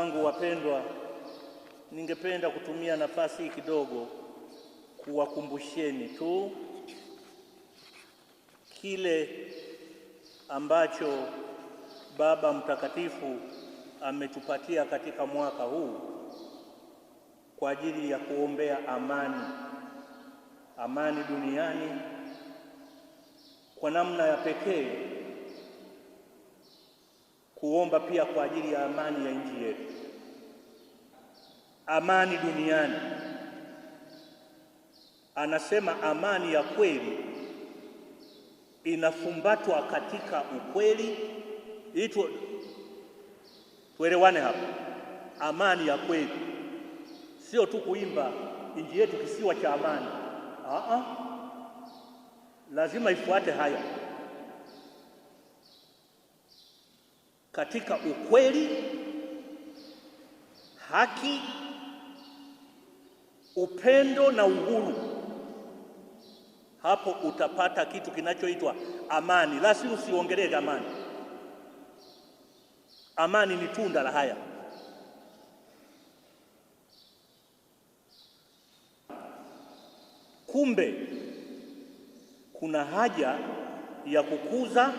zangu wapendwa, ningependa kutumia nafasi hii kidogo kuwakumbusheni tu kile ambacho Baba Mtakatifu ametupatia katika mwaka huu kwa ajili ya kuombea amani, amani duniani kwa namna ya pekee kuomba pia kwa ajili ya amani ya nchi yetu, amani duniani. Anasema amani ya kweli inafumbatwa katika ukweli. Ili tuelewane hapa, amani ya kweli sio tu kuimba nchi yetu kisiwa cha amani. Aa, ah, ah. lazima ifuate haya katika ukweli, haki, upendo na uhuru, hapo utapata kitu kinachoitwa amani. Lasi usiongelee amani. Amani ni tunda la haya. Kumbe kuna haja ya kukuza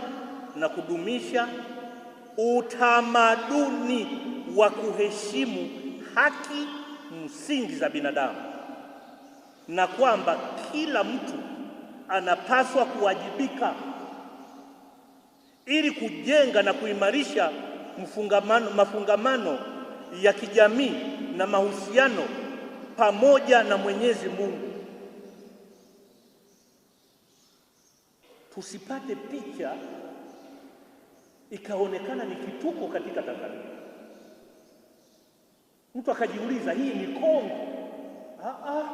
na kudumisha utamaduni wa kuheshimu haki msingi za binadamu na kwamba kila mtu anapaswa kuwajibika ili kujenga na kuimarisha mfungamano, mafungamano ya kijamii na mahusiano pamoja na Mwenyezi Mungu. Tusipate picha ikaonekana ni kituko katika Tanzania. Mtu akajiuliza hii ni Kongo? Ah, ah.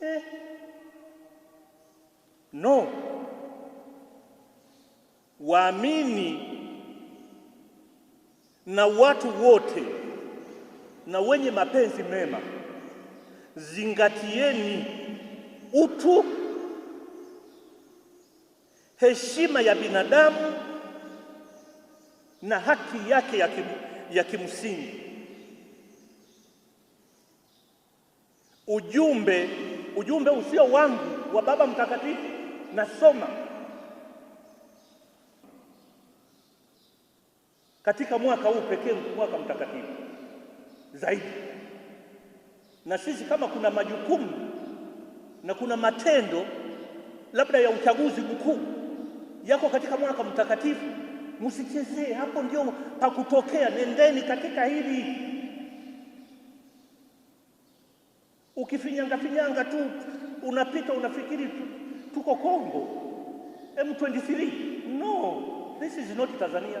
Eh. No, waamini na watu wote na wenye mapenzi mema, zingatieni utu, heshima ya binadamu na haki yake ya, kim, ya kimsingi. Ujumbe ujumbe usio wangu wa Baba Mtakatifu nasoma katika mwaka huu pekee, mwaka mtakatifu zaidi. Na sisi kama kuna majukumu na kuna matendo labda ya uchaguzi mkuu yako katika mwaka mtakatifu msichezee, hapo ndio pakutokea. Nendeni katika hili, ukifinyanga finyanga tu unapita unafikiri tuko Kongo M23. No, this is not Tanzania.